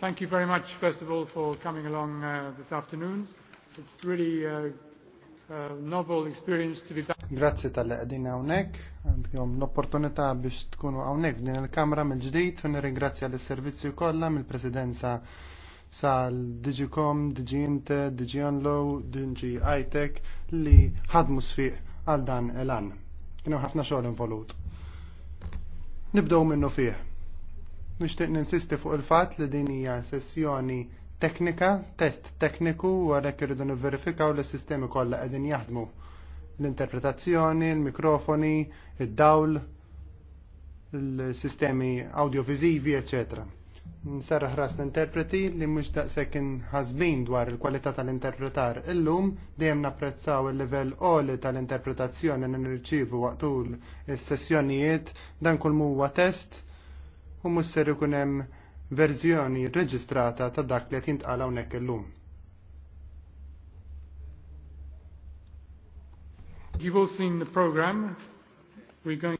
Thank you very much, first of all, for coming along uh, this afternoon. It's really uh, a uh, novel experience to be back. Grazzi tal-li għedin għawnek, għandkom l-opportunità biex tkunu għawnek f'din il-kamra mill-ġdijt, u nirringrazzja l-servizzi kollha mill-presidenza sal Digicom, Digiinte, Digianlow, Digi ITech li ħadmu sfiq għal dan elan. Kienu ħafna xogħol involut. Nibdow minnu fih Nixtieq ninsisti fuq il-fatt li din hija sessjoni teknika, test tekniku u għalhekk irridu nivverifikaw li s-sistemi kollha qegħdin jaħdmu. L-interpretazzjoni, il-mikrofoni, id-dawl, il-sistemi audiovisivi, eccetera Nserraħ ras l-interpreti li mhux daqshekk ħażbin dwar il-kwalità tal-interpretar illum dejjem napprezzaw il-livell għoli tal-interpretazzjoni li nirċievu waqtul is-sessjonijiet dan kull huwa test u musser ikun hemm verżjoni rreġistrata ta' dak li tintqala jintqala hawnhekk illum. You've all seen the program. We're going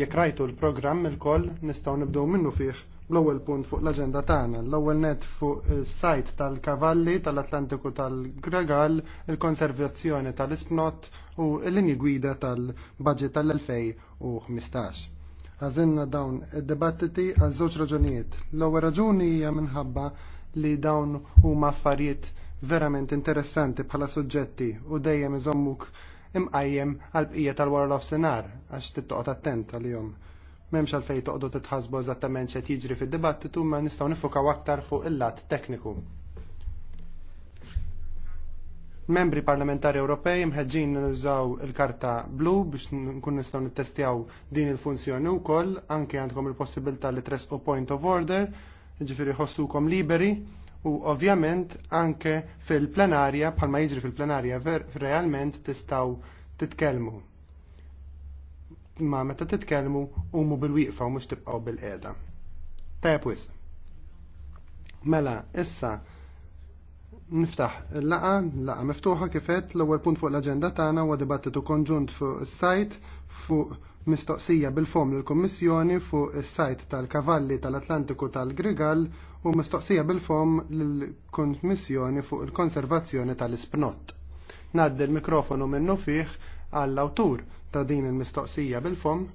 Jekk rajtu l-programm il-koll nistgħu nibdew minnu fiħ l-ewwel punt fuq l-aġenda tagħna, l-ewwel net fuq is-sajt tal-kavalli tal-Atlantiku tal-Gregal, il-konservazzjoni tal-isbnot u l-linji gwida tal-budget tal-2015 għazinna dawn id-dibattiti għal żewġ raġunijiet. L-ewwel raġuni hija minħabba li dawn huma affarijiet verament interessanti bħala suġġetti u dejjem iżommuk imqajjem għal bqija tal-wara of Senar għax tittoqgħod attent għalihom. M'hemmx għalfejn toqgħdu titħasbu eżattament x'qed jiġri fid-dibattitu ma nistgħu nifukaw aktar fuq il-lat tekniku membri parlamentari Ewropej mħeġġin nużaw il-karta blu biex nkun nistgħu nittestjaw din il-funzjoni wkoll, anke għandkom il-possibilità li u point of order, ġifieri ħossukom liberi u ovvjament anke fil-plenarja bħalma jiġri fil-plenarja realment tistgħu titkellmu. Ma meta titkellmu umu bil-wieqfa u mhux tibqgħu bil-qiegħda. Tajjeb wisq. Mela, issa Niftaħ laqa, laqa miftuħa kifet, l-ewwel punt fuq l-aġenda tagħna huwa dibattitu konġunt fuq is-sajt fuq mistoqsija bil-fom lill-Kummissjoni fuq is-sajt tal-Kavalli tal-Atlantiku tal-Grigal u mistoqsija bil-fom lill-Kummissjoni fuq il-konservazzjoni tal-ispnott. Naddi l-mikrofonu minnu fih għall-awtur ta' din il-mistoqsija bil-fom